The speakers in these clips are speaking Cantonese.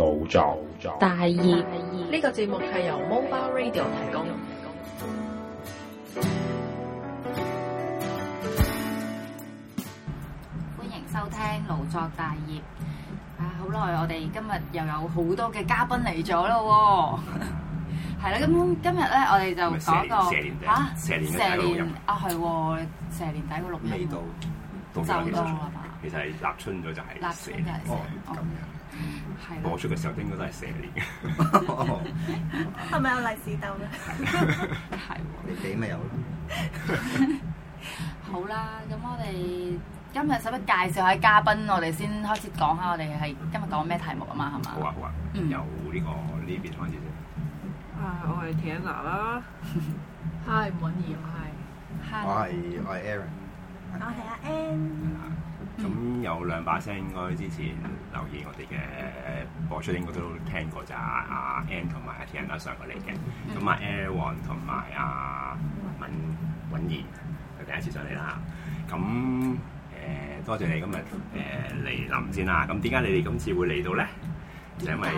腦作大業，呢個節目係由 Mobile Radio 提供。歡迎收聽腦作大業。啊，好耐！我哋今日又有好多嘅嘉賓嚟咗咯。係啦，咁今日咧，我哋就講個吓蛇年。蛇年啊，係喎，蛇年底個六月到，就多啊嘛。其實係立春咗就係蛇年，咁樣。播出嘅時候應該都係蛇年嘅，係咪有利是豆咧？係， 喎，你幾咪有？好啦，咁我哋今日使乜介紹下嘉賓？我哋先開始講下，我哋係今日講咩題目啊嘛？係嘛？好啊好啊。嗯、mm. 這個，有呢個呢邊開始先。啊，我係 Tina 啦。Hi，Mony。Hi，我係我係 Aaron。我係阿 En。咁有兩把聲，應該之前留意我哋嘅播出，應該都聽過咋。阿 Ann 同埋阿 Tin 生上過嚟嘅，咁啊 L 王同埋阿敏尹賢，佢第一次上嚟啦。咁誒多謝你今日誒嚟臨先啦。咁點解你哋今次會嚟到咧？就係因為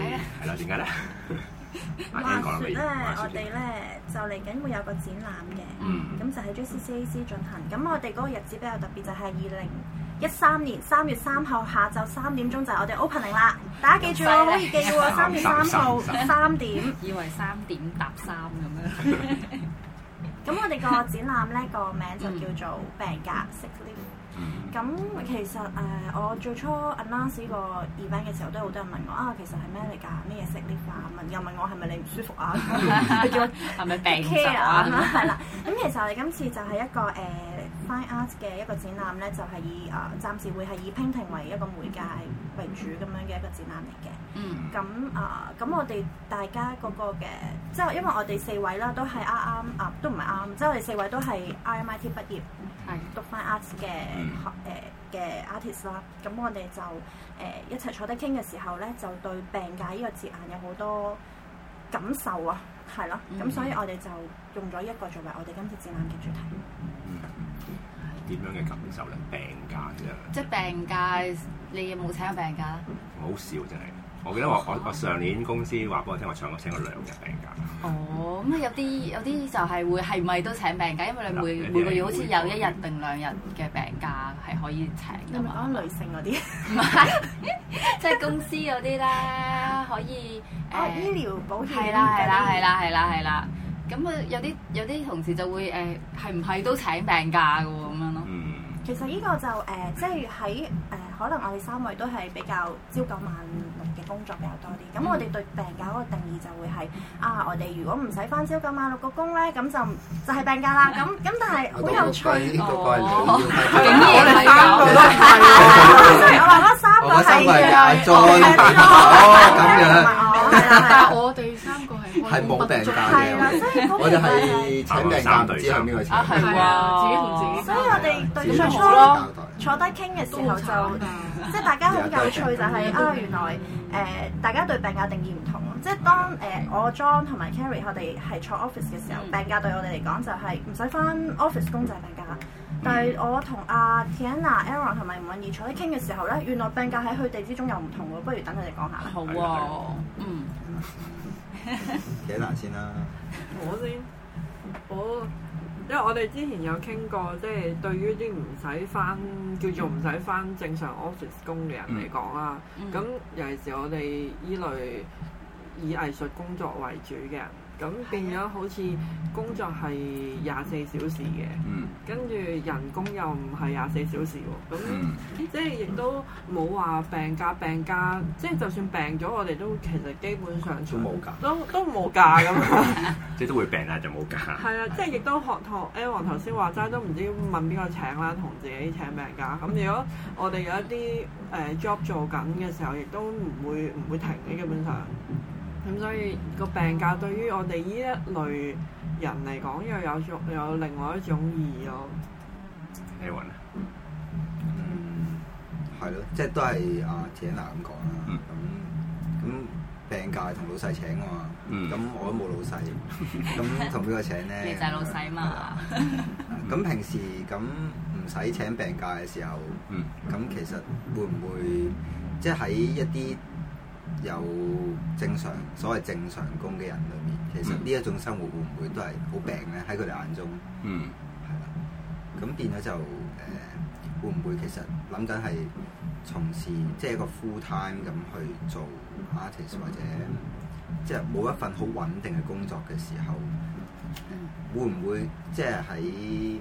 係啦，點解咧？阿 Ann 講啦，我哋咧就嚟緊會有個展覽嘅，咁就喺 JCCAC 進行。咁我哋嗰個日子比較特別，就係二零一三年三月三號下晝三點鐘就係我哋 opening 啦，大家記住我可以記喎，三月三號三點。以為三點搭三咁樣？咁我哋個展覽咧個名就叫做病假 Sick Leave。咁其實誒、呃，我最初 announce 個 event 嘅時候都係好多人問我啊，其實係咩嚟㗎？咩嘢 Sick Leave 啊？問又問我係咪你唔舒服啊？係咪 病假啊？係 啦，咁其實我哋今次就係一個誒。呃 Fine Art 嘅一個展覽咧，就係、是、以誒、呃、暫時會係以 Painting 為一個媒介為主咁樣嘅一個展覽嚟嘅。嗯、mm.。咁、呃、啊，咁我哋大家嗰個嘅，即係因為我哋四位啦，都係啱啱啊，都唔係啱，m, 即係我哋四位都係 RMIT 畢業，係、mm. 讀翻、呃、Art 嘅學誒嘅 Artist 啦。咁我哋就誒、呃、一齊坐低傾嘅時候咧，就對病假呢個字眼有好多感受啊，係咯。咁、mm. 所以我哋就用咗一個作為我哋今次展覽嘅主題。嗯。點樣嘅感受咧？病假啫，即係病假，你有冇請過病假？我好少真係，我記得我我我上年公司話俾我聽，我請我請過兩日病假。哦，咁啊有啲有啲就係會係咪都請病假？因為你每每個月好似有一日定兩日嘅病假係可以請。咁女性嗰啲唔係，即係公司嗰啲啦，可以誒醫療保險係啦係啦係啦係啦係啦，咁啊有啲有啲同事就會誒係唔係都請病假嘅咁啊？其實呢個就誒，即係喺誒，可能我哋三位都係比較朝九晚六嘅工作比較多啲。咁我哋對病假嗰個定義就會係啊，我哋如果唔使翻朝九晚六個工咧，咁就就係病假啦。咁咁但係好有趣哦，竟然係咁，我話多三個係啊，再哦咁樣，我哋三。係冇病假嘅，我哋係請病假唔知向邊個請。啊係啊，所以我哋對初坐低傾嘅時候就，即係大家好有趣就係啊，原來誒大家對病假定義唔同，即係當誒我 John 同埋 Carrie 我哋係坐 office 嘅時候，病假對我哋嚟講就係唔使翻 office 工就係病假。但係我同阿 Tiana、Aaron 同埋吳允儀坐低傾嘅時候咧，原來病假喺佢哋之中又唔同喎。不如等佢哋講下啦。好啊，嗯。幾難先啦！ 我先，我，因為我哋之前有傾過，即係對於啲唔使翻，叫做唔使翻正常 office 工嘅人嚟講啦，咁、嗯、尤其是我哋依類以藝術工作為主嘅。咁變咗好似工作係廿四小時嘅，跟住、嗯、人工又唔係廿四小時喎。咁、嗯、即係亦都冇話病假病假，即係就算病咗，我哋都其實基本上全都冇假，都都冇假咁。 即係都會病下就冇假。係 啊，即係亦都學同 Aaron 頭先話齋，都唔知問邊個請啦，同自己請病假。咁 如果我哋有一啲誒、呃、job 做緊嘅時候，亦都唔會唔會停嘅基本上。咁所以個病假對於我哋呢一類人嚟講，又有有另外一種意義咯。你話啊，嗯，係咯，即係都係阿謝娜咁講啦。咁咁病假同老細請㗎嘛。咁我都冇老細，咁同邊個請咧？就老細嘛。咁平時咁唔使請病假嘅時候，咁其實會唔會即係喺一啲？有正常所謂正常工嘅人裏面，其實呢一種生活會唔會都係好病咧？喺佢哋眼中，嗯，係啦。咁變咗就誒、呃，會唔會其實諗緊係從事即係一個 full time 咁去做 artist 或者即係冇一份好穩定嘅工作嘅時候，會唔會，即係喺，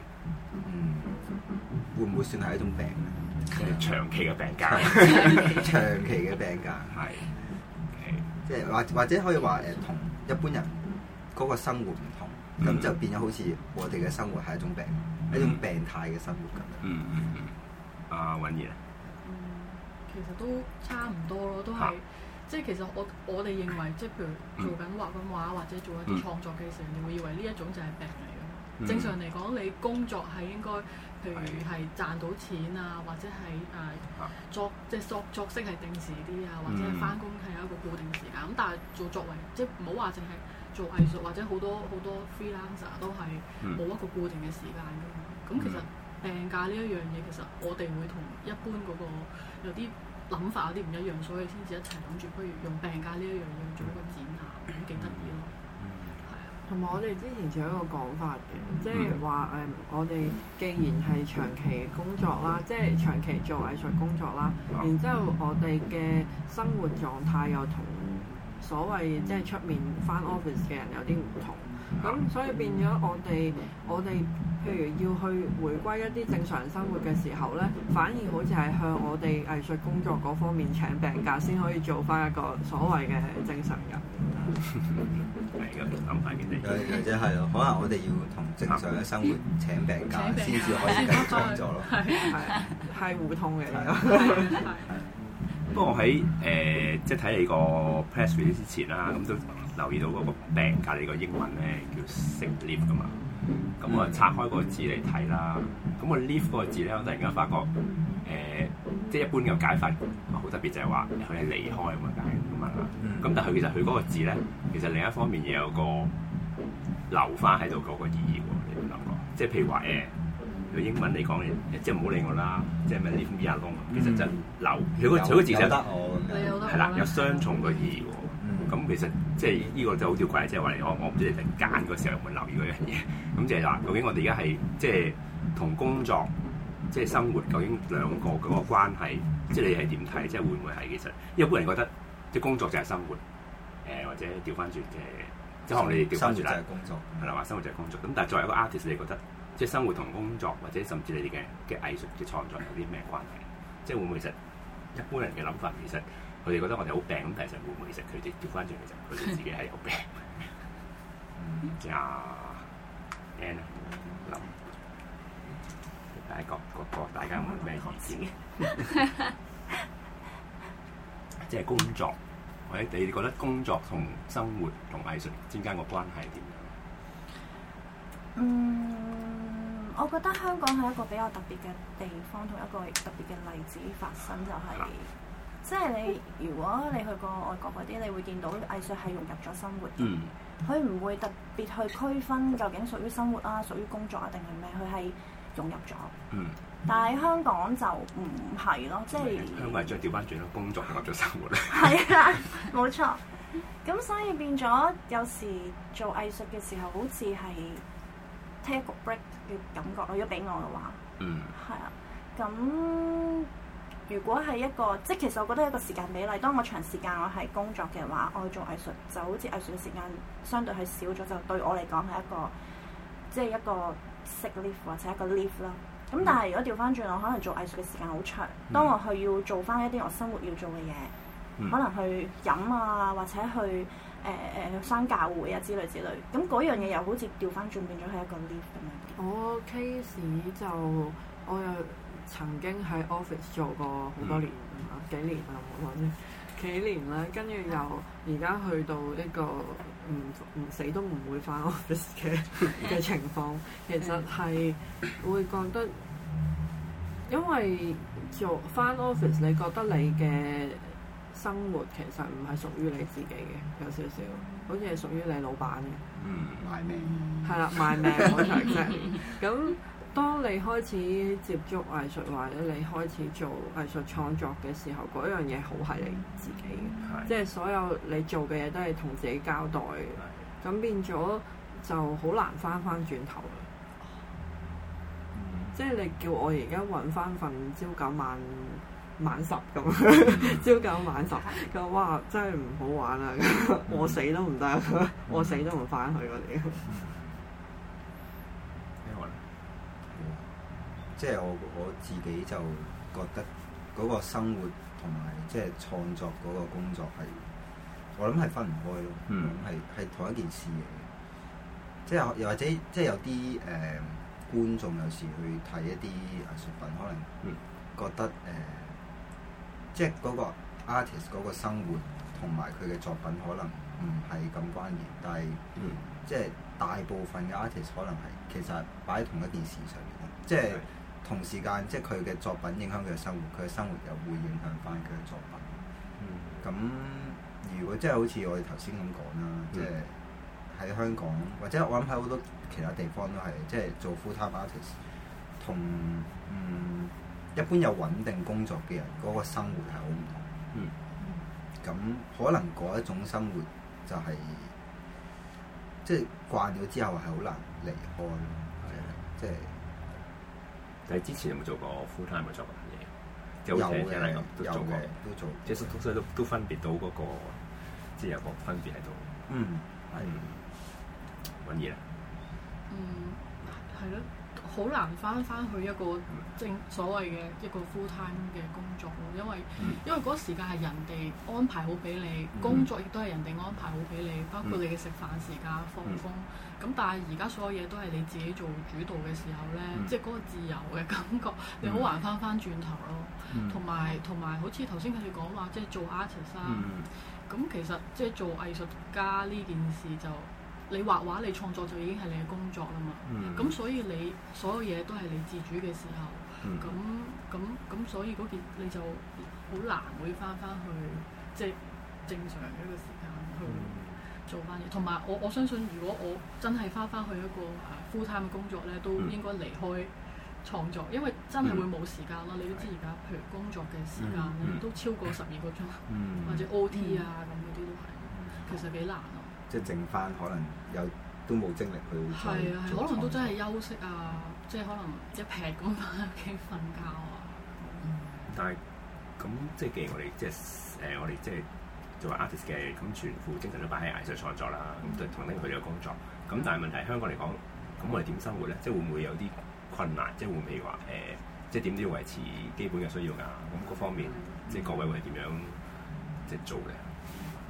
嗯，會唔會算係一種病咧？長期嘅病假， 長期嘅病假係。 即或或者可以話誒、呃，同一般人嗰個生活唔同，咁、嗯、就變咗好似我哋嘅生活係一種病，嗯、一種病態嘅生活。嗯嗯嗯。阿允兒。嗯、嗯、啊、嗯，其實都差唔多咯，都係、啊、即係其實我我哋認為，即係譬如做緊畫緊畫，嗯、或者做一啲創作嘅時候，嗯、你會以為呢一種就係病。正常嚟講，你工作係應該，譬如係賺到錢啊，或者係誒、呃、作即係作作息係定時啲啊，或者翻工係有一個固定時間、啊。咁、嗯、但係做作為即係唔好話淨係做藝術，或者好多好多 freelancer 都係冇一個固定嘅時間㗎嘛。咁、嗯、其實病假呢一樣嘢，嗯、其實我哋會同一般嗰、那個有啲諗法有啲唔一樣，所以先至一齊諗住，不如用病假呢一樣嘢做一個展覽，幾得意咯～同埋我哋之前仲有一個講法嘅，即係話誒，我哋、嗯嗯、既然係長期工作啦，即、就、係、是、長期做藝術工作啦，然之後我哋嘅生活狀態又同所謂即係出面返 office 嘅人有啲唔同，咁所以變咗我哋，我哋譬如要去回歸一啲正常生活嘅時候咧，反而好似係向我哋藝術工作嗰方面請病假先可以做返一個所謂嘅正常人。 或者係咯，可能我哋要同正常嘅生活請病假先至可以繼續創作咯，係互通嘅。 不過我喺誒即係睇你個 press release 之前啦，咁都留意到嗰個病假你個英文咧叫 sick leave 噶嘛。咁、嗯、我拆開個字嚟睇啦，咁我 leave 個字咧，我突然間發覺，誒、呃，即係一般嘅解法別，好特別就係、是、話，佢係離開咁解咁啊，咁、嗯嗯、但係佢其實佢嗰個字咧，其實另一方面又有個留翻喺度嗰個意義喎，你有冇諗過？即係譬如話誒，佢、欸、英文嚟講嘅，即係唔好理我啦，即係咩 leave me alone、嗯、其實就留，佢、嗯那個佢有個字就是、得，係啦，有雙重嘅意義。咁其實即係呢個就好弔詭，即係話我我唔知你揀個時候有冇留意嗰樣嘢。咁即係嗱，究竟我哋而家係即係同工作即係生活究竟兩個嗰個關係，即係你係點睇？即係會唔會係其實一般人覺得即係工作就係生活，誒、呃、或者調翻轉嘅。即可能你哋調翻轉啦。生活就係工作係啦，話生活就係工作。咁但係作為一個 artist，你覺得即係生活同工作或者甚至你哋嘅嘅藝術嘅創作有啲咩關係？即係會唔會其實一般人嘅諗法其實？佢哋覺得我哋好病咁，但係其實會唔會其實佢哋調翻轉其實佢哋自己係有病。呀，Anne，林，大家各各各，大家有冇咩意見？即係工作，或者你覺得工作同生活同藝術之間個關係點樣？嗯，我覺得香港係一個比較特別嘅地方，同一個特別嘅例子發生就係。即係你，如果你去過外國嗰啲，你會見到藝術係融入咗生活嘅，佢唔、嗯、會特別去區分究竟屬於生活啊，屬於工作啊，定係咩？佢係融入咗、嗯。嗯。但係香港就唔係咯，即係、就是。咁咪再調翻轉咯，工作融合咗生活咧。係 啊，冇錯。咁所以變咗，有時做藝術嘅時候，好似係 take a break 嘅感覺。如果俾我嘅話，嗯，係啊，咁。如果係一個，即其實我覺得一個時間比例，當我長時間我係工作嘅話，我去做藝術就好似藝術嘅時間相對係少咗，就對我嚟講係一個，即係一個 sick leave 或者一個 leave 啦。咁但係如果調翻轉，我可能做藝術嘅時間好長，當我去要做翻一啲我生活要做嘅嘢，嗯、可能去飲啊，或者去誒誒去翻教會啊之類之類，咁嗰樣嘢又好似調翻轉變咗係一個 leave 咁樣。我 case 就我又。曾經喺 office 做過好多年，嗯、幾年啦，冇錯先幾年咧，跟住又而家去到一個唔唔死都唔會返 office 嘅嘅情況，其實係會覺得，因為做返 office，你覺得你嘅生活其實唔係屬於你自己嘅，有少少好似係屬於你老闆嘅，嗯賣、啊，賣命，係啦， 賣命，咁。當你開始接觸藝術，或者你開始做藝術創作嘅時候，嗰樣嘢好係你自己嘅，對 即係所有你做嘅嘢都係同自己交代，咁對 變咗就好難翻翻轉頭對 即係你叫我而家揾翻份朝九晚晚十咁，朝九晚十咁，哇！真係唔好玩啊！我死都唔得，我死都唔翻去嗰啲。即係我我自己就覺得嗰個生活同埋即係創作嗰個工作係，我諗係分唔開咯。咁係係同一件事嚟嘅。即係又或者即係有啲誒、呃、觀眾有時去睇一啲藝術品，可能覺得誒、嗯呃，即係嗰個 artist 嗰個生活同埋佢嘅作品可能唔係咁關聯，但係、嗯、即係大部分嘅 artist 可能係其實擺喺同一件事上面，即係。嗯同時間，即係佢嘅作品影響佢嘅生活，佢嘅生活又會影響翻佢嘅作品。咁、嗯、如果即係好似我哋頭先咁講啦，即係喺、嗯、香港，或者我諗喺好多其他地方都係，即係做 fulltime artist，同嗯一般有穩定工作嘅人嗰個生活係好唔同。咁、嗯嗯、可能嗰一種生活就係即係慣咗之後係好難離開，係啊的，即係、即係。你之前有冇做過 full time 嘅的做過嘢？有嘅的，有嘅、就是，都做，即係熟東西都都分別到嗰、那個，即、就、係、是、有個分別喺度，嗯，係揾嘢。嗯，係咯的。好難返返去一個正所謂嘅一個 full time 嘅工作咯，因為、嗯、因為嗰時間係人哋安排好俾你，嗯、工作亦都係人哋安排好俾你，包括你嘅食飯時間、嗯、放工。咁、嗯、但係而家所有嘢都係你自己做主導嘅時候咧，嗯、即係嗰個自由嘅感覺，嗯、你難、嗯、好難返返轉頭咯。同埋同埋，好似頭先佢哋講話，即係做 artist，咁其實即係、就是、做藝術家呢件事就。你畫畫、你創作就已經係你嘅工作啦嘛，咁、嗯、所以你所有嘢都係你自主嘅時候，咁咁咁所以嗰件你就好難會返返去即係、就是、正常嘅一個時間去做返嘢。同埋我我相信，如果我真係返返去一個 full time 嘅工作咧，都應該離開創作，因為真係會冇時間咯。你都知而家譬如工作嘅時間，都超過十二個鐘，或者 OT 啊咁嗰啲都係，其實幾難咯。即係剩翻，可能有都冇精力去。係啊，係，創可能都真係休息啊，嗯、即係可能一撇咁翻屋企瞓覺啊。嗯、但係咁，即係既然我哋即係誒、呃，我哋即係作為 artist 嘅，咁全副精神都擺喺藝術創作啦。咁就同啲佢哋嘅工作。咁但係問題係香港嚟講，咁我哋點生活咧？即係會唔會有啲困難？即係會唔會話誒、呃，即係點都要維持基本嘅需要㗎？咁各方面，即係各位會係點樣即係做咧？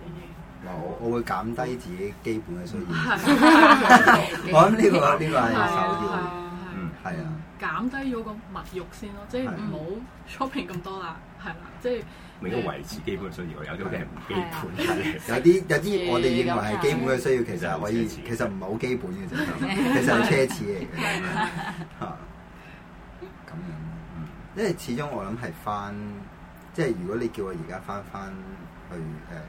嗯嗯我我會減低自己基本嘅需要， 嗯、 我諗呢、呢個呢、呢個係首要。嗯，係啊，減低咗個物慾先咯，即係唔好 shopping 咁多啦，係啦，即係。為咗維持基本嘅需要， 有啲嘢唔基本嘅、 啊， 有啲有啲我哋認為係基本嘅需要，其實我以前其實唔係好基本嘅啫， 其實係奢侈嚟嘅嚇。咁樣， 嗯，因為始終我諗係翻，即係如果你叫我而家翻翻去誒。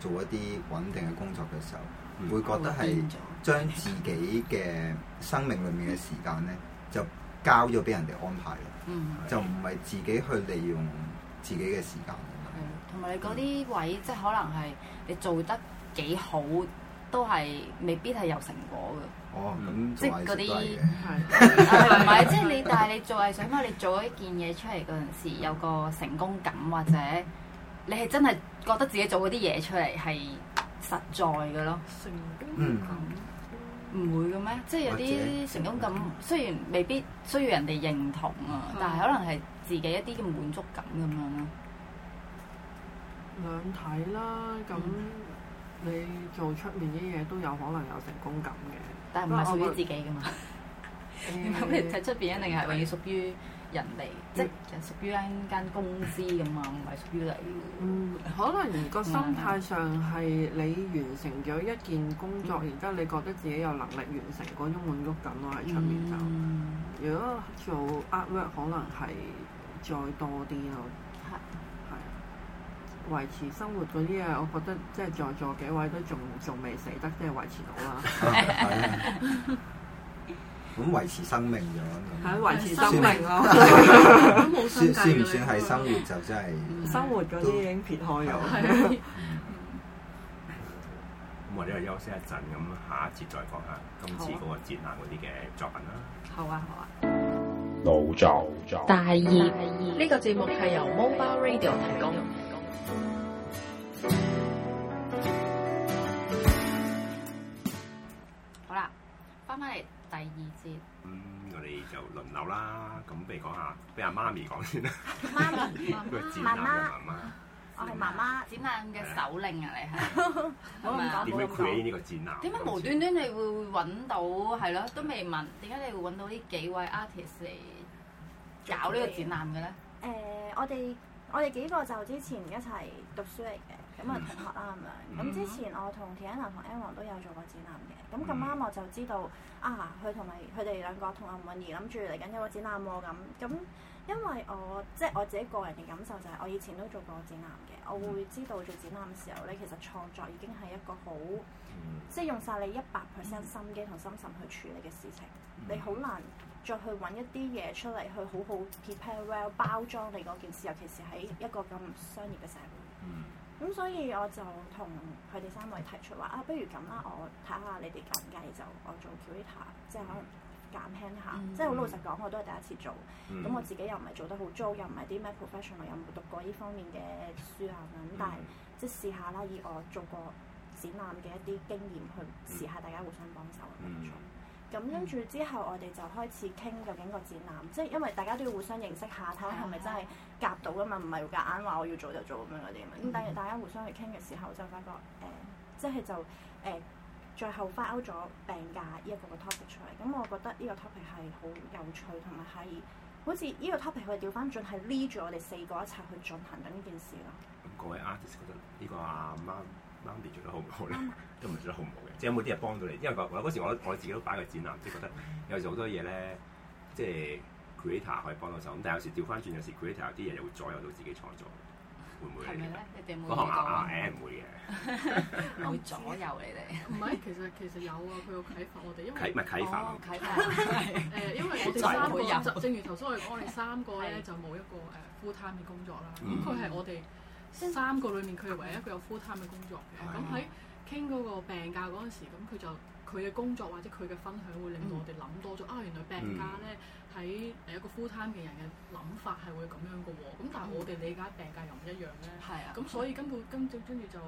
做一啲穩定嘅工作嘅時候，會覺得係將自己嘅生命裏面嘅時間咧， 就交咗俾人哋安排咯，嗯、以就唔係自己去利用自己嘅時間。同埋、嗯、你嗰啲位，嗯、即係可能係你做得幾好，都係未必係有成果嘅。哦，咁即係嗰啲係唔係？即係你，但係你做係想翻你做一件嘢出嚟嗰陣時，有個成功感，或者你係真係。 覺得自己做嗰啲嘢出嚟係實在嘅咯，成功感唔會嘅咩？即係有啲成功感，嗯、功感雖然未必需要人哋認同啊，嗯、但係可能係自己一啲嘅滿足感咁樣咯。兩睇啦，咁、嗯、你做出面啲嘢都有可能有成功感嘅，但係唔係屬於自己嘅嘛？咁你喺出邊一定係屬於？人哋即係屬於一間公司咁啊，唔係屬於你。嗯，可能個心態上係你完成咗一件工作，然之後你覺得自己有能力完成嗰種滿足感咯，喺出面就。嗯、如果做 u p w o r k 可能係再多啲咯。係的。係。維持生活嗰啲啊，我覺得即係在座幾位都仲仲未死得，即、就、係、是、維持到啦。 咁維持生命就，係維持生命咯。咁冇相算唔命 算係生活就真係？生活嗰啲已經撇開咗。咁我哋係休息一陣，咁下一節再講下今次嗰個展覽嗰啲嘅作品啦。好啊好啊。腦作腦作。大業。大業。呢個節目係由 Mobile Radio 提供。咁我哋就輪流啦，咁譬如講下，俾阿媽咪講先啦。媽媽，我係媽媽，展覽嘅首領啊，你係。點解 create 呢個展覽？點解無端端你會揾到係咯？都未問，點解你會揾到呢幾位 artist 嚟搞呢個展覽嘅咧？誒，我哋我哋幾個就之前一齊讀書嚟嘅。咁啊同學啦咁樣，咁之前我同田欣娜同 Emma 都有做過展覽嘅，咁咁啱我就知道啊，佢同埋佢哋兩個同阿韻兒諗住嚟緊有個展覽喎咁，咁、嗯、因為我即係我自己個人嘅感受就係、是、我以前都做過展覽嘅，我會知道做展覽嘅時候咧，其實創作已經係一個好，即、就、係、是、用晒你一百 percent 心機同心神去處理嘅事情。嗯、你好難再去揾一啲嘢出嚟去好好 prepare well 包裝你嗰件事，尤其是喺一個咁商業嘅社會。嗯咁、嗯、所以我就同佢哋三位提出話啊，不如咁啦，我睇下你哋計唔計，就我做 curator，即係可能減輕下。嗯、即係好老實講，我都係第一次做，咁、嗯、我自己又唔係做得好糟，又唔係啲咩 professional，又冇讀過呢方面嘅書啊。咁、嗯、但係、嗯、即係試下啦，以我做過展覽嘅一啲經驗去試下大家互相幫手，咁樣做、嗯。嗯。咁跟住之後，我哋就開始傾究竟個展覽，即係因為大家都要互相認識下，睇係咪真係夾到啊嘛，唔係夾硬話我要做就做咁樣嗰啲啊嘛。咁、嗯、但係大家互相去傾嘅時候，就發覺誒、呃，即係就誒、呃，最後翻咗病假呢一個個 topic 出嚟。咁、嗯、我覺得呢個 topic 係好有趣，同埋係好似呢個 topic 去調翻轉係 lead 住我哋四個一齊去進行緊呢件事咯。咁、嗯、各位 artist 覺得呢個啱嗎？Andy 做得好唔好咧？都唔係做得好唔好嘅，即係有冇啲人幫到你？因為我我嗰時我自己都擺個展覽，即係覺得有時好多嘢咧，即係 creator 可以幫到手。咁但係有時調翻轉，有時 creator 有啲嘢又會左右到自己創作，會唔會？係咪咧？你哋會唔會講？唔會嘅，會左右你哋。唔係，其實其實有啊，佢有啟發我哋，因為唔係啟發，啟發誒，因為我哋三個正如頭先我哋講我哋三個咧，就冇一個誒 full time 嘅工作啦。佢係我哋，三個裡面佢係唯一一個有 full time 嘅工作嘅，咁喺傾嗰個病假嗰陣時，咁佢就佢嘅工作或者佢嘅分享會令到我哋諗多咗、嗯、啊！原來病假咧喺誒一個 full time 嘅人嘅諗法係會咁樣噶喎、啊，咁但係我哋理解病假又唔一樣咧，咁、嗯、所以根本跟住就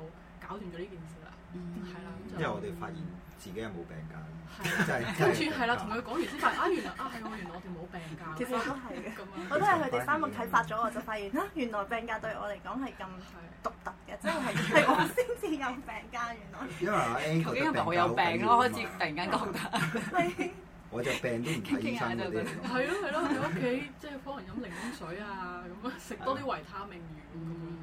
搞掂咗呢件事啦。嗯，係啦，因為我哋發現自己有冇病假，就係跟住係啦，同佢講完先發啊，原來啊係我原來我哋冇病假，其實都係嘅，我都係佢哋三個啟發咗我，就發現啦，原來病假對我嚟講係咁獨特嘅，即係係我先至有病假，原來，因為我已經唔係好有病咯，開始突然間覺得。我就病都唔睇醫生，係咯係咯，喺屋企即係可能飲檸檬水啊，咁啊食多啲維他命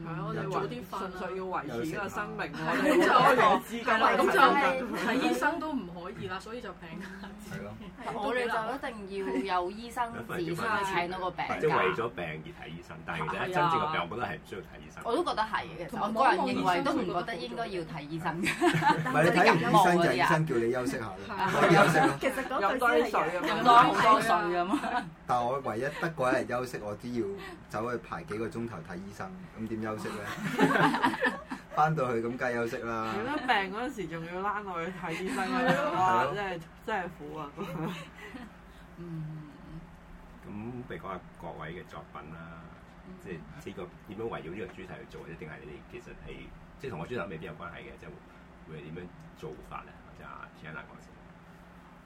丸，我哋做啲飯就要維持個生命咯。咁就資金咁就睇醫生都唔可以啦，所以就病啲。係咯，我哋就一定要有醫生治曬嗰個病。即係為咗病而睇醫生，但係真正個病，我覺得係唔需要睇醫生。我都覺得係我個人認為都唔覺得應該要睇醫生。唔係你睇唔醫生就醫生叫你休息下休息，其實水啊，咁多好多水啊嘛！ 但係我唯一得嗰一日休息，我只要走去排幾個鐘頭睇醫生，咁點休息咧？翻 到去咁梗休息啦。如果得病嗰陣時，仲要攬我去睇醫生， 真係 真係苦啊！嗯嗯，咁譬如講下各位嘅作品啦，即係呢個點樣圍繞呢個主題去做，或者定係你哋，其實係即係同我主題未必有關係嘅，即係會係點樣做法咧？或者阿天講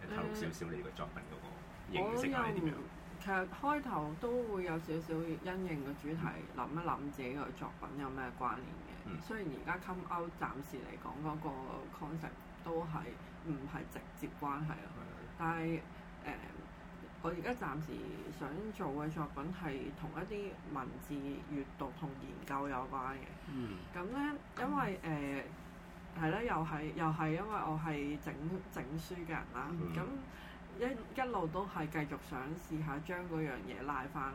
睇少少你個作品嗰個形式係點樣？其實開頭都會有少少因應嘅主題，諗、嗯、一諗自己個作品有咩關聯嘅。嗯、雖然而家 come out 暫時嚟講嗰個 concept 都係唔係直接關係啊，是的 但係誒、呃，我而家暫時想做嘅作品係同一啲文字閱讀同研究有關嘅。咁咧、嗯，因為誒。那呃係咧，又係又係因為我係整整書嘅人啦。咁、mm hmm. 一一路都係繼續想試下將嗰樣嘢拉翻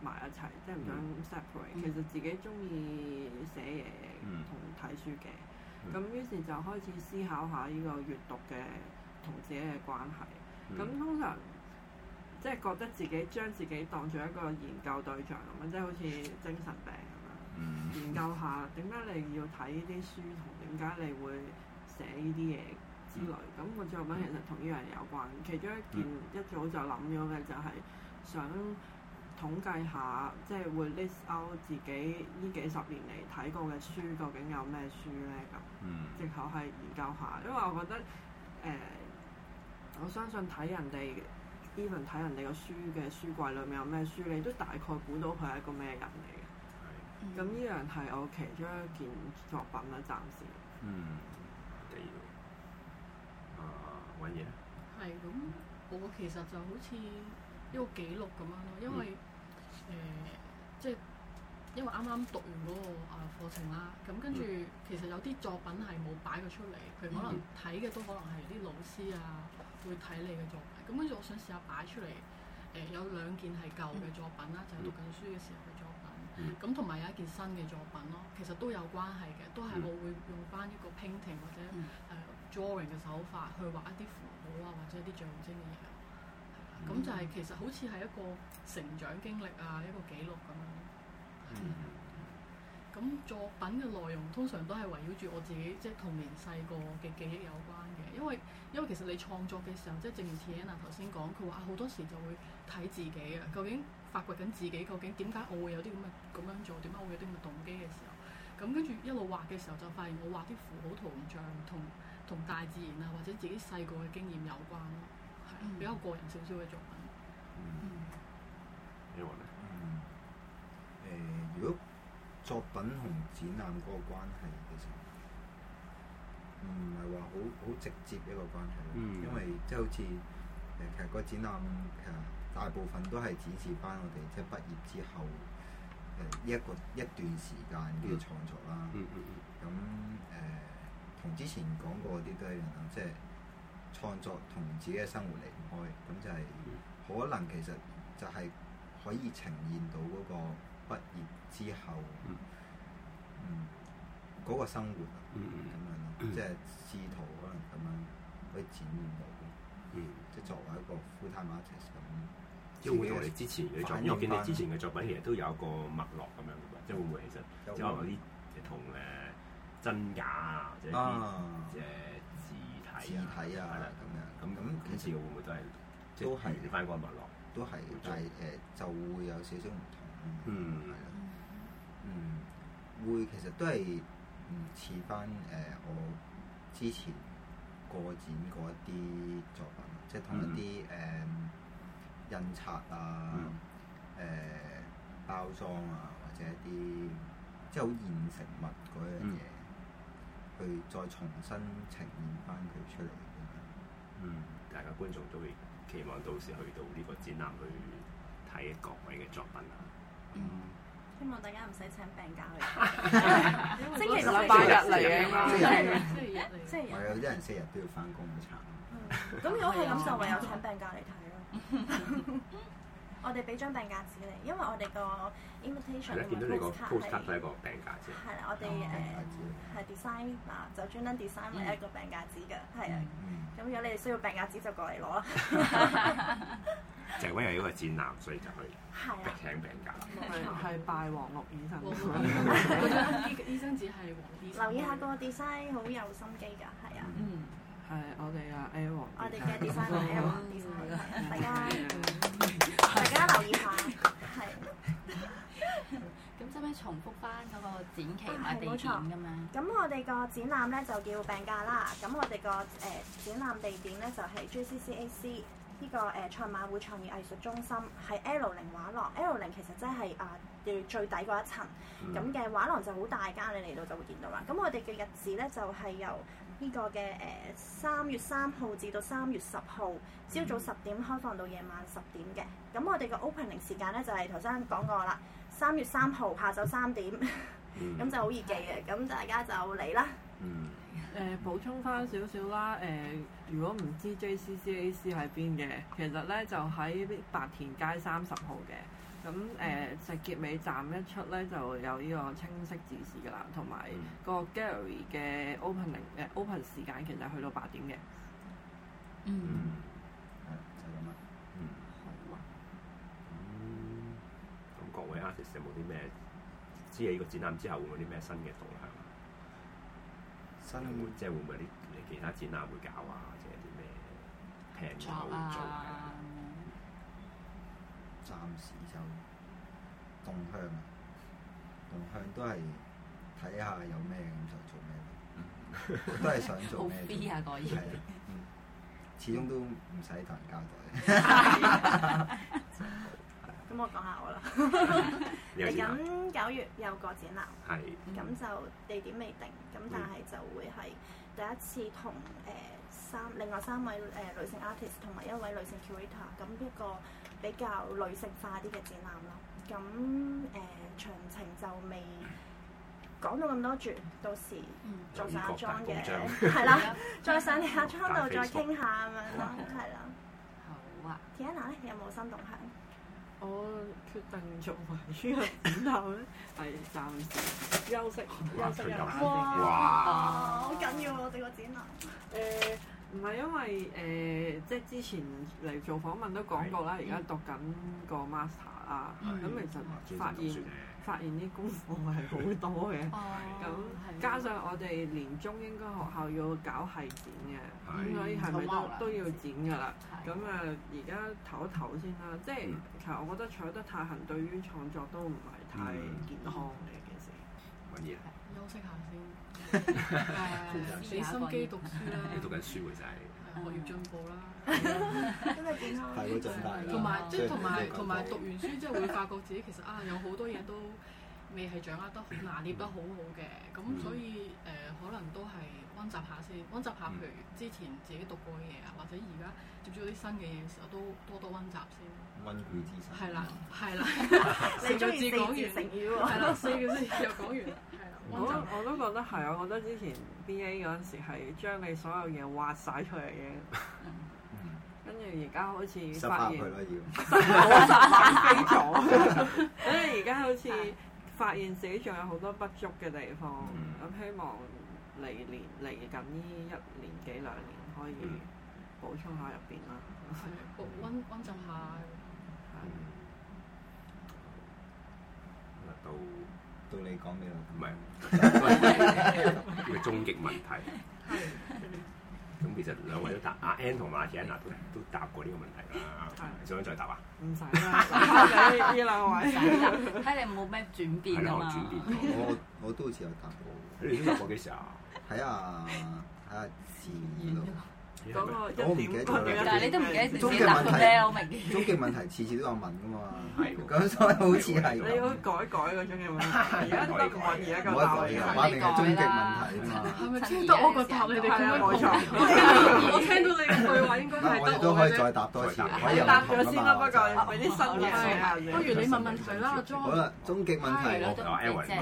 埋一齊，mm hmm. 即係唔想 separate、mm。Hmm. 其實自己中意寫嘢同睇書嘅，咁於、mm hmm. 是就開始思考下呢個閱讀嘅同自己嘅關係，咁、mm hmm. 通常即係、就是、覺得自己將自己當做一個研究對象咁樣即係好似精神病。研究下點解你要睇呢啲書，同點解你會寫呢啲嘢之類，咁個作品其實同呢樣嘢有關。其中一件一早就諗咗嘅就係想統計下，即係會 list out 自己呢幾十年嚟睇過嘅書，究竟有咩書咧咁，藉口係研究下，因為我覺得誒、呃，我相信睇人哋 even 睇人哋個書嘅書櫃裡面有咩書，你都大概估到佢係一個咩人嚟嘅。咁依、嗯、樣係我其中一件作品啦，暫時。嗯，第二、呃，啊揾嘢。係，咁我其實就好似一個記錄咁樣咯，因為誒、嗯呃、即係因為啱啱讀完嗰、那個啊、呃、課程啦，咁跟住其實有啲作品係冇擺佢出嚟，譬如可能睇嘅都可能係啲老師啊會睇你嘅作品，咁跟住我想試下擺出嚟，誒、呃、有兩件係舊嘅作品啦，嗯、就係讀緊書嘅時候。咁同埋有一件新嘅作品咯，其實都有關係嘅，都係我會用翻一個 painting 或者誒、嗯呃、drawing 嘅手法去畫一啲符號啊，或者一啲象徵嘅嘢。咁、嗯嗯、就係、是、其實好似係一個成長經歷啊，一個記錄咁樣。嗯嗯咁作品嘅內容通常都係圍繞住我自己，即係童年細個嘅記憶有關嘅，因為因為其實你創作嘅時候，即係正如 Tina 頭先講，佢話好多時就會睇自己啊，究竟發掘緊自己，究竟點解我會有啲咁嘅咁樣做，點解我會有啲咁嘅動機嘅時候，咁跟住一路畫嘅時候就發現我畫啲符號圖像同同大自然啊，或者自己細個嘅經驗有關咯，係是比較個人少少嘅作品。嗯，你話咧，嗯，誒如果。嗯 uh, 作品同展覽嗰個關係其實唔係話好好直接一個關係，嗯、因為即係、就是、好似誒、呃、其實個展覽其實大部分都係展示返我哋即係畢業之後誒呢、呃、一個一段時間嘅創作啦。咁誒同之前講過啲都一樣啦，即、就、係、是、創作同自己嘅生活離唔開。咁就係、是、可能其實就係可以呈現到嗰、那個。畢業之後，嗯，嗰、嗯那個生活咁、嗯嗯、樣咯，即係試圖可能咁樣可以展現到，嗯，即、就、係、是、作為一個 full time artist 咁。即係會同你之前嘅作，因為我見你之前嘅作品其實都有一個脈絡咁樣嘅，即係會唔會其實有即係可啲同誒真假啊，或者誒字體，字、啊、體啊的，係啦咁樣，咁咁今次會唔會都係都係翻嗰個脈絡都係，但係誒、呃、就會有少少唔同。嗯，係咯，嗯，會其實都係，唔似翻誒我之前個展嗰一啲作品，即係同一啲誒、嗯嗯、印刷啊、誒、嗯呃、包裝啊，或者一啲即係好現成物嗰樣嘢，嗯、去再重新呈現翻佢出嚟咁樣。嗯，大家觀眾都會期望到時去到呢個展覽去睇各位嘅作品啊。嗯、希望大家唔使請病假嚟睇。 星期六拜日嚟嘅應該，即係即係有啲人四日都要翻工，好慘。咁如果係咁 就唯有請病假嚟睇啦。 我哋俾張病假紙你，因為我哋個 invitation 係啦，見到你個 poster 都係個病假紙。係啦，我哋誒係 design 嘛，就專登 design 一個病假紙嘅，係啊。咁如果你哋需要病假紙就過嚟攞啦。就因為一個展覽，所以就去啊，請病假。係拜黃綠醫生。醫生只係黃醫生。留意下個 design 好有心機㗎，係啊。嗯，係我哋啊，A 我哋嘅 design 係 A 王 design，大家。意化、 嗯，係。咁使唔使重複翻嗰個展期同埋地點咁樣？咁、啊、我哋個展覽咧就叫病假啦。咁我哋個誒展覽地點咧就係、係、JCCAC 呢、呢個誒賽、呃、馬會創意藝術中心，係 L 零畫廊。L 零其實真係啊，最底嗰一層咁嘅畫廊就好大間，你嚟到就會見到啦。咁我哋嘅日子咧就係、係、由呢個嘅誒三月三號至到三月十號，朝早十點、嗯、開放到夜晚十點嘅。咁我哋個 opening 時間咧就係頭先講過啦，三月三號下晝三點，咁、嗯、 就好易記嘅。咁、嗯、大家就嚟啦。嗯。誒、呃，補充翻少少啦。誒、呃，如果唔知 JCCAC 喺邊嘅，其實咧就喺白田街三十號嘅。咁誒，就、呃、石硤尾站一出咧，就有呢個清晰指示㗎啦，同埋個 gallery 嘅 op、嗯、opening 誒 open 時間其實去到八點嘅。嗯，就咁啦。嗯，嗯好啊吧。咁、嗯、各位 artist 有冇啲咩？知呢個展覽之後會,會有啲咩新嘅動向？新的會,會即係會唔會啲其他展覽會搞啊？或者啲咩平價會做啊？暫時就動向啊，動向都係睇下有咩咁就做咩都係想做咩、啊、做。嘢、啊，始終都唔使同人交代哈哈。咁、嗯嗯、我講下我啦，嚟緊九月有個展覽，係、啊，咁、um, 就地點未定，咁但係就會係第一次同誒、呃、三另外，另外三位誒女性 artist 同埋一位女性 curator，咁呢個。呃比較女性化啲嘅展覽咯，咁誒、呃、長情就未講到咁多住，到時做化妝嘅。係啦， 再上再下窗度再傾下咁樣咯，係啦。啦好啊啦，Tiana 咧有冇新動向？我決定做埋呢個展覽係暫時休息，休息哇哇，哇，好緊要啊！哋、這個展覽誒。呃唔係因為誒，即係之前嚟做訪問都講過啦，而家讀緊個 master 啦，咁其實發現發現啲功課係好多嘅，咁加上我哋年終應該學校要搞系展嘅，咁所以係咪都都要剪噶啦？咁啊而家唞一唞先啦，即係其實我覺得坐得太閒，對於創作都唔係太健康嘅其實。休息下先，死、呃、 書心機讀書啦。你讀緊書喎，仔。我要進步啦，真係同埋即係同埋同埋讀完書之後、就是、會發覺自己其實啊有好多嘢都未係掌握得好，拿捏得好好嘅，咁所以誒、呃、可能都係温習下先，温習下譬如之前自己讀過嘅嘢啊，或者而家接觸啲新嘅嘢嘅時候都多多温習先。温故知新。係啦，係啦。四個字講完，成語喎。係啦，四個字又講完。係啦。我都我都覺得係，我覺得之前 B A 嗰陣時係將你所有嘢挖晒出嚟嘅，跟住而家好似發現，飛咗。跟住而家好似發現自己仲有好多不足嘅地方，咁希望嚟年嚟緊呢一年幾兩年可以補充下入邊啦，温温温浸下。到到你講嘅啦，唔係，係、嗰個、 終極問題。咁 其實兩位都答，阿 Andy 同阿 Tina 都都答過呢個問題啦。 想唔想再答啊？唔使啦，呢啲啦，睇 你冇咩轉變啊。 我轉變我，我都好似有答過。 你哋先答過幾時 啊？睇下睇下字義咯。嗰個一點，但係你都唔記得先啦。終極問題，終極問題次次都有問㗎嘛。係喎。咁所以好似係你要改一改個終極問題。而家你講緊嘢啊，夠唔夠？我聽你講。終極問題。係咪真係得我個答你哋冇錯？我聽到你個對話應該係得或者。可以答咗先啦，不過係啲新嘢。不如你問問題啦，我裝開。好啦，終極問題，我由 Alvin 問。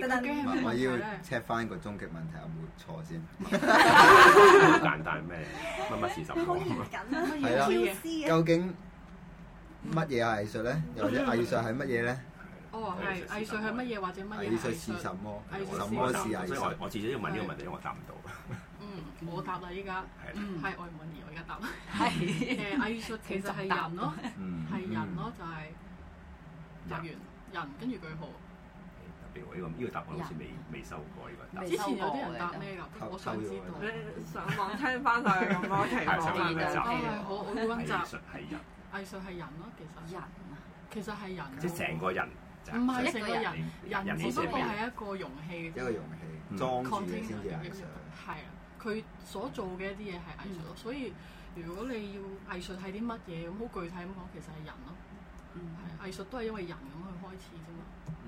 等等，我要 check 翻個終極問題有冇錯。先，好簡單咩？乜乜是什麼？係啦，究竟乜嘢係藝術咧？又或者藝術係乜嘢咧？哦，係藝術係乜嘢或者乜嘢？藝術是什麼？什麼是藝術？所以我我自己要問呢個問題，因為我答唔到。嗯，我答啦，依家，係外滿兒，我而家答。係嘅，藝術其實係人咯，係人咯，就係答完人跟住句號。呢個答案好似未未收過呢個。之前有啲人答咩㗎？我想知道。上網聽翻曬啲講題講。藝術係人。藝術係人咯，其實。人啊，其實係人。即成個人。唔係成個人，人只不過係一個容器。一個容器，裝住啲嘢。係啊，佢所做嘅一啲嘢係藝術咯。所以如果你要藝術係啲乜嘢咁好具體咁講，其實係人咯。嗯，係藝術都係因為人咁去開始啫嘛。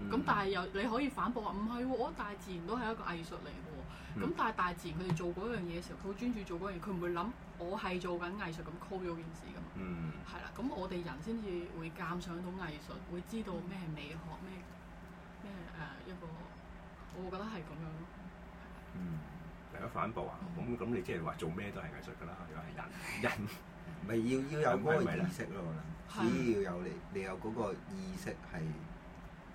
咁、嗯、 但係又你可以反駁啊？唔係喎，我大自然都係一個藝術嚟嘅喎。咁、嗯、但係大自然佢哋做嗰樣嘢嘅時候，佢專注做嗰樣嘢，佢唔會諗我係做緊藝術咁 call 咗件事嘅嘛。嗯。係啦，咁我哋人先至會鑑賞到藝術，會知道咩係美學，咩咩誒一個，我覺得係咁樣咯。嗯，第一反駁啊？咁咁你即係話做咩都係藝術㗎啦？又係人，人咪要 要有嗰個意識咯。我只要有你，你有嗰個意識係。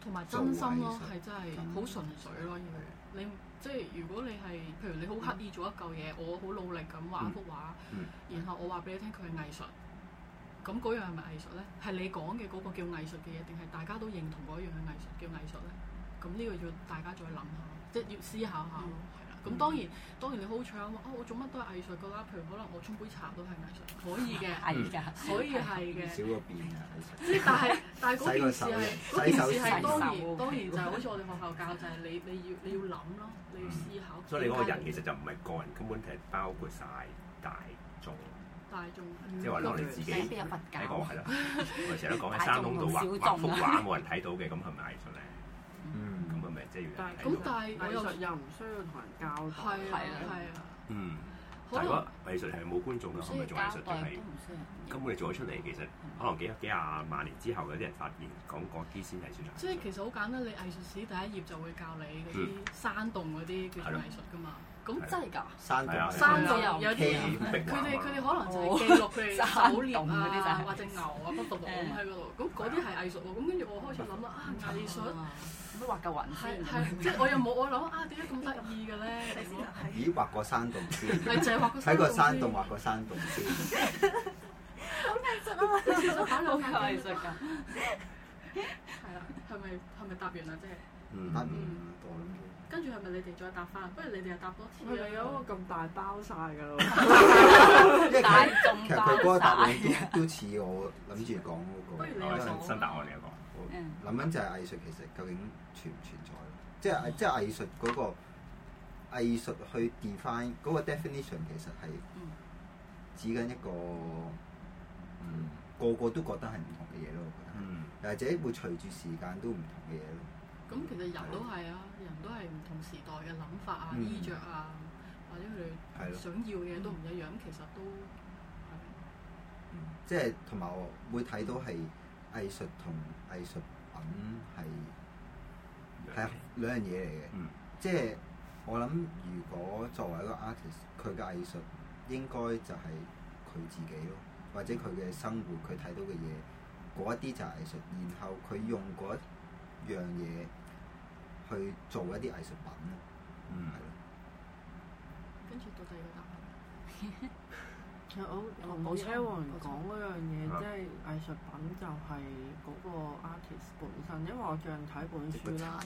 同埋真心咯，係真係好真純粹咯。呢個、啊、你即係、就是、如果你係，譬如你好刻意做一嚿嘢，嗯、我好努力咁畫一幅畫，嗯、然後我話俾你聽佢係藝術，咁嗰、嗯、樣係咪藝術咧？係你講嘅嗰個叫藝術嘅嘢，定係大家都認同嗰樣嘅藝術叫藝術咧？咁呢個要大家再諗下，即係、嗯、要思考下咯。嗯嗯咁當然，當然你好彩啊嘛！啊，我做乜都係藝術噶啦，譬如可能我沖杯茶都係藝術，可以嘅，藝嘅，可以係嘅。少個變但係，但係嗰件事係，嗰件事係當然，當然就係好似我哋學校教就係你，你要你要諗咯，你要思考。所以你嗰個人其實就唔係個人，根本係包括晒大眾。大眾，即係話攞嚟自己。人。你講係啦，我成日都講喺山窿度畫幅畫，冇人睇到嘅，咁係咪藝術咧？咁但係藝術又唔需要同人交流，係啊係啊，嗯，可能藝術係冇觀眾啦，係咪仲藝術？根本你做咗出嚟，其實可能幾幾廿萬年之後，有啲人發現講嗰啲先係算啦。所以其實好簡單，你藝術史第一頁就會教你嗰啲山洞嗰啲叫做藝術噶嘛。咁真係㗎，山洞山洞有啲，佢哋佢哋可能就係記錄佢哋狩獵嗰啲，或者牛啊不斷咁喺嗰度，咁嗰啲係藝術喎。咁跟住我開始諗啊，藝術。乜畫嚿雲先？係係，即係我又冇我諗啊，點解咁得意嘅咧？咦，畫過山洞先。係淨係畫過山洞先。喺個山洞畫過山洞先。藝術啊！冇嘅藝術㗎。係啦，係咪係咪答完啦？即係。嗯。嗯。多啲。跟住係咪你哋再答翻？不如你哋又搭多次有個咁大包晒㗎啦，大咁包曬。都都似我諗住講嗰個。不如你新答我哋一個。諗緊就係藝術其實究竟存唔存在？即係、哦、即係藝術嗰、嗰個藝術去 define 嗰個 definition 其實係指緊一個、嗯嗯，個個都覺得係唔同嘅嘢咯。嗯，我覺得，或者、嗯、會隨住時間都唔同嘅嘢咯。咁其實人都係啊，了人都係唔同時代嘅諗法啊、衣着、嗯、啊，或者佢想要嘅嘢都唔一樣。嗯、其實都、嗯嗯、即係同埋我會睇到係。藝術同藝術品，係係啊，兩樣嘢嚟嘅，嗯、即係我諗如果作為一個 artist，佢嘅藝術應該就係佢自己咯，或者佢嘅生活，佢睇到嘅嘢嗰一啲就係藝術，然後佢用嗰樣嘢去做一啲藝術品咯，嗯，係咯的。跟住到第二個答案。 其實我同車王講嗰樣嘢，即係春藝術品就係嗰個 artist 本身。因為我最近睇本書啦，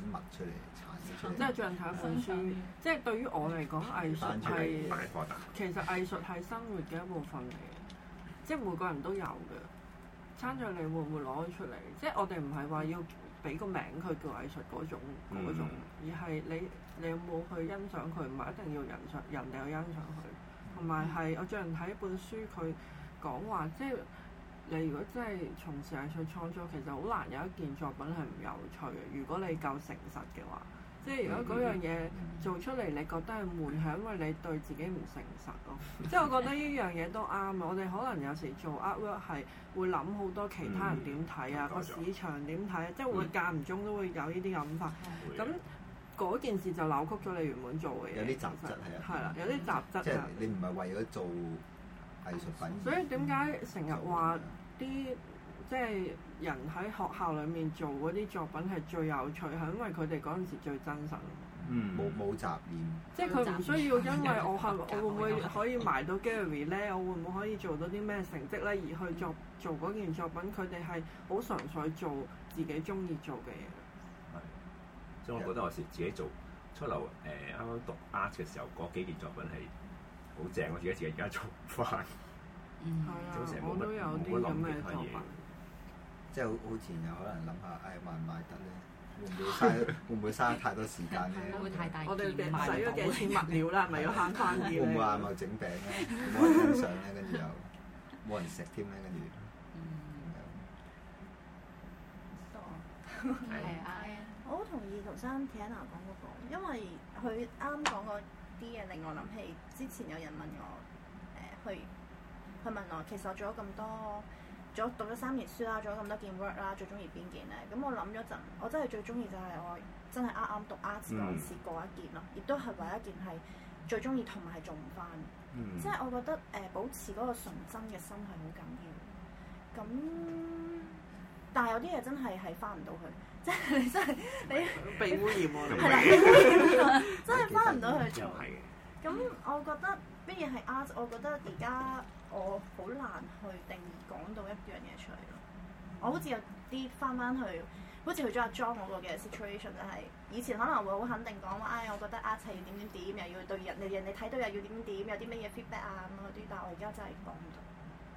即係最近睇本書，即係對於我嚟講，嗯、藝術係其實藝術係生活嘅一部分嚟嘅，嗯、即係每個人都有嘅。參照你會唔會攞出嚟？即係我哋唔係話要俾個名佢叫藝術嗰種，種，種，而係你你有冇去欣賞佢？唔係一定要人上人哋去欣賞佢。人家人家同埋係，我最近睇一本書，佢講話，即係你如果真係從事藝術創作，其實好難有一件作品係唔有趣嘅。如果你夠誠實嘅話，即係如果嗰樣嘢做出嚟，你覺得係悶，係因為你對自己唔誠實咯。即係我覺得呢樣嘢都啱。我哋可能有時做 artwork 係會諗好多其他人點睇啊，個、嗯、市場點睇，即係會間唔中都會有呢啲諗法。咁、嗯那嗰件事就扭曲咗你原本做嘅嘢，有啲雜質係其實啊，係啦，有啲雜質啊。啊你唔係為咗做藝術品。所以點解成日話啲即係人喺學校裏面做嗰啲作品係最有趣，係因為佢哋嗰陣時最真實，嗯。冇冇雜念。嗯、即係佢唔需要因為我係、嗯，我會唔會可以、嗯、可以埋到 gallery 咧？我會唔會可以做到啲咩成績咧？而去做做嗰件作品，佢哋係好純粹做自己中意做嘅嘢。所以我覺得我係自己做出嚟誒，啱啱讀 art 嘅時候嗰幾件作品係好正，我自己自己而家做翻。嗯，係啊，我都有啲咁嘅嘢。即係好前又可能諗下，唉，賣唔賣得咧？會唔會嘥？會唔會嘥太多時間？會唔會太大？我哋唔使，因為幾錢物料啦，咪要慳翻啲咧。會唔會話冇整餅咧？冇人跟上咧，跟住又冇人食添咧，跟住。一。啊。我好同意頭先啱啱講嗰個，因為佢啱講嗰啲嘢，令我諗起之前有人問我誒、呃、去去問我，其實我做咗咁多，做讀咗三年書啦，做咗咁多件 work 啦，最中意邊件咧？咁我諗咗陣，我真係最中意就係我真係啱啱讀 arts 嗰陣時過一件咯，亦、嗯、都係唯一件係最中意同埋係做唔翻，嗯、即係我覺得誒、呃、保持嗰個純真嘅心係好緊要。咁，但係有啲嘢真係係翻唔到去。即係 你真係的是你被污染咯，係啦，真係翻唔到去做。做係咁我覺得，乜嘢係 art 我覺得而家我好難去定義講到一樣嘢出嚟咯。嗯、我好似有啲翻翻去，好似去咗阿 John 嗰個嘅 situation 就係、是，以前可能會好肯定講話，唉、哎，我覺得 art 要係點點點，又要對人，哋人哋睇到又要點點點，有啲乜嘢 feedback 啊咁嗰啲。但係我而家真係講唔到，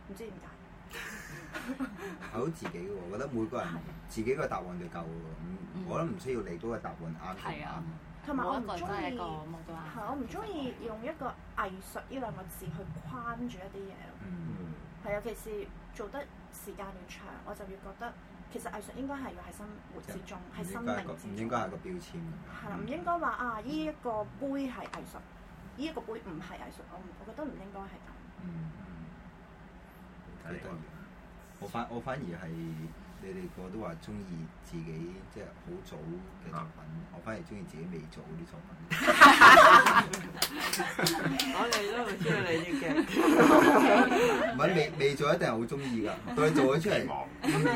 唔知點解。係好 自己嘅我覺得每個人自己嘅答案就夠嘅喎，我都唔需要你嗰個答案。啱係啊，同埋我唔中意，係我唔中意用一個藝術呢兩個字去框住一啲嘢。嗯，尤其是做得時間越長，我就越覺得其實藝術應該係要喺生活之中，喺、就是、生命之中。應該係個標籤。係啦、嗯，唔、嗯、應該話啊！依、這、一個杯係藝術，依、這、一個杯唔係藝術。我我覺得唔應該係咁。 我反我反而係你哋個個都話中意自己即係好早嘅作品，我反而中意自己未做嗰啲作品。我哋都唔中意你啲嘅。唔係未未做一定係好中意㗎，到你做咗出嚟，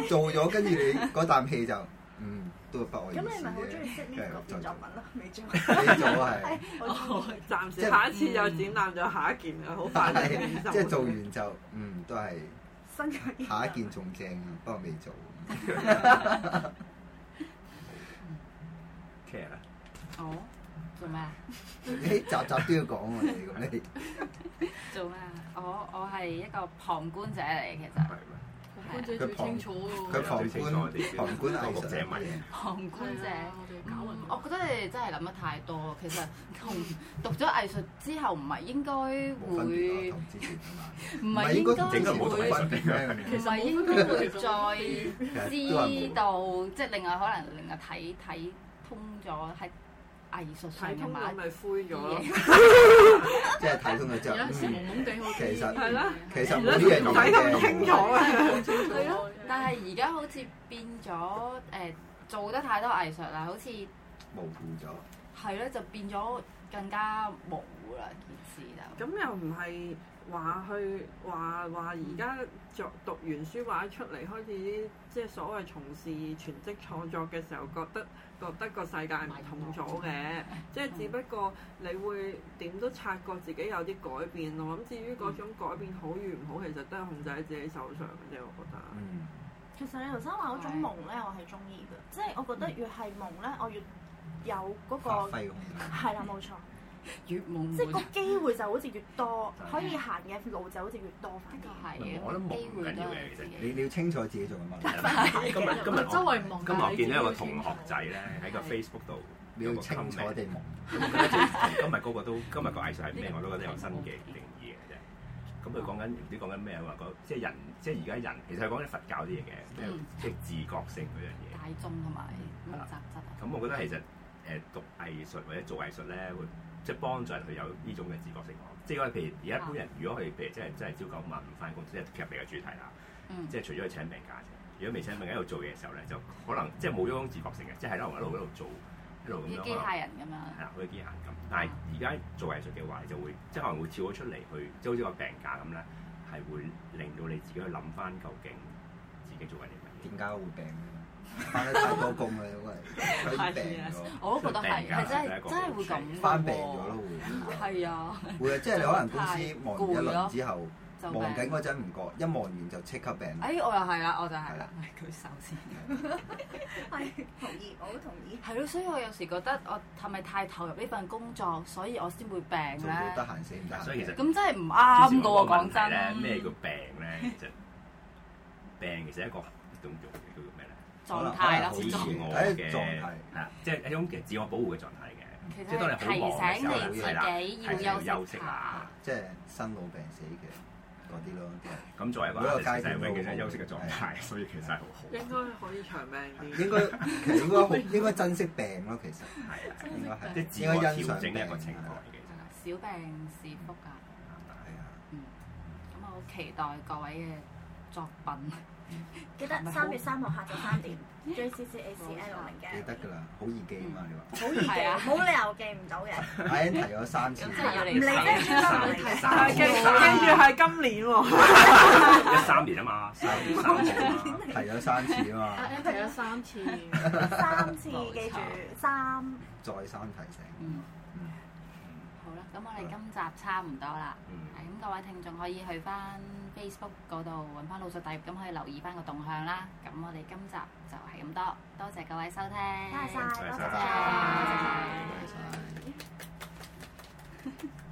做咗跟住你嗰啖氣就嗯都發外意思嘅。咁你咪好中意識咩作品咯？未做未做係我暫時下一次又展覽咗下一件㗎，好快即係做完就嗯都係。下一件仲正啊，不過未做。劇啊！哦，做咩啊？你啲集集都要講喎，你咁你。做咩啊？我我係一個旁觀者嚟嘅。其實。旁觀者最清楚，佢旁觀旁觀者迷，旁觀者我哋搞混。我覺得你哋真係諗得太多。其實讀咗藝術之後，唔係應該會唔係應該會其實應該會再知道，即係另外可能另外睇睇通咗係。藝術睇通咪灰咗咯，即係睇通就有時懵懵地好，其實係咯，其實唔睇咁清楚啊，但係而家好似變咗誒，做得太多藝術啦，好似模糊咗。係咯，就變咗更加模糊啦，件事啦。咁又唔係。話去話話而家作讀完書畫出嚟，開始即係所謂從事全職創作嘅時候，覺得覺得個世界唔同咗嘅， 即係只不過你會點都察覺自己有啲改變咯。咁至於嗰種改變好與唔好，其實都係控制喺自己手上嘅啫。我覺得。嗯、其實你頭先話嗰種朦咧，我係中意嘅，即係我覺得越係朦咧，我越有嗰、嗰個，係啦，冇 錯。 越冇，即係個機會就好似越多，可以行嘅路就好似越多，咁啊係啊！我都望緊啲嘢，其實你你要清楚自己做緊乜嘢啦。今日周圍望我今日我見到有個同學仔咧喺個 Facebook 度，清楚地望。今日嗰個都，今日個藝術係咩？我都覺得有新嘅定義嘅啫。咁佢講緊唔知講緊咩？話即係人，即係而家人，其實係講緊佛教啲嘢嘅，即係自覺性嗰樣嘢。大眾同埋複雜質，咁我覺得其實誒讀藝術或者做藝術咧會。即係幫助人去有呢種嘅自覺性咯，即係因為譬如而家一般人如果佢譬如即係即係朝九晚五翻工，即係入嚟嘅主題啦。嗯、即係除咗去請病假啫，如果未請病假喺度做嘢嘅時候咧，就可能即係冇咗嗰種自覺性嘅，即係一路一路一、嗯、路做，一路咁樣啊。機械人咁樣。係啦，好似、啊、機械人咁，但係而家做藝術嘅話，就會即係可能會跳咗出嚟去，即係好似個病假咁咧，係會令到你自己去諗翻究竟自己做緊啲乜嘢。點解會病？翻去睇個工啦，因為佢病咗，我都覺得係，係真係真係會咁翻病咗咯，會係啊，會啊，即係你可能公司忙一輪之後望緊嗰陣唔覺，一望完就即刻病。哎，我又係啦，我就係。係啦，佢首先。同意，我都同意。係咯，所以我有時覺得我係咪太投入呢份工作，所以我先會病咧？做到得閒先㗎，所以其實咁真係唔啱喎，講真。咩叫病咧？就病其實一個動作嘅嗰個咩？狀態咯，自我嘅係啊，即係一種其實自我保護嘅狀態嘅。其實提醒你自己要有休息下，即係生老病死嘅嗰啲咯。咁作為一我哋成日永遠都係休息嘅狀態，所以其實係好好。應該可以長命啲，應該其實應該好應該珍惜病咯，其實。係啊，應該應該欣賞呢一個情況。小病是福㗎。係啊。咁我好期待各位嘅作品。記得三月三號下晝三點，JCCAC L0 記得㗎啦，好易記啊嘛，你話。好易記，冇理由記唔到嘅。係提咗三次，唔理都三次。記住係今年喎。一三年啊嘛，提咗三次啊嘛。提咗三次，三次記住三。再三提醒。嗯。好啦，咁我哋今集差唔多啦。係咁，各位聽眾可以去翻。Facebook 嗰度揾翻腦作大業，咁可以留意翻個動向啦。咁我哋今集就係咁多，多謝各位收聽。多謝。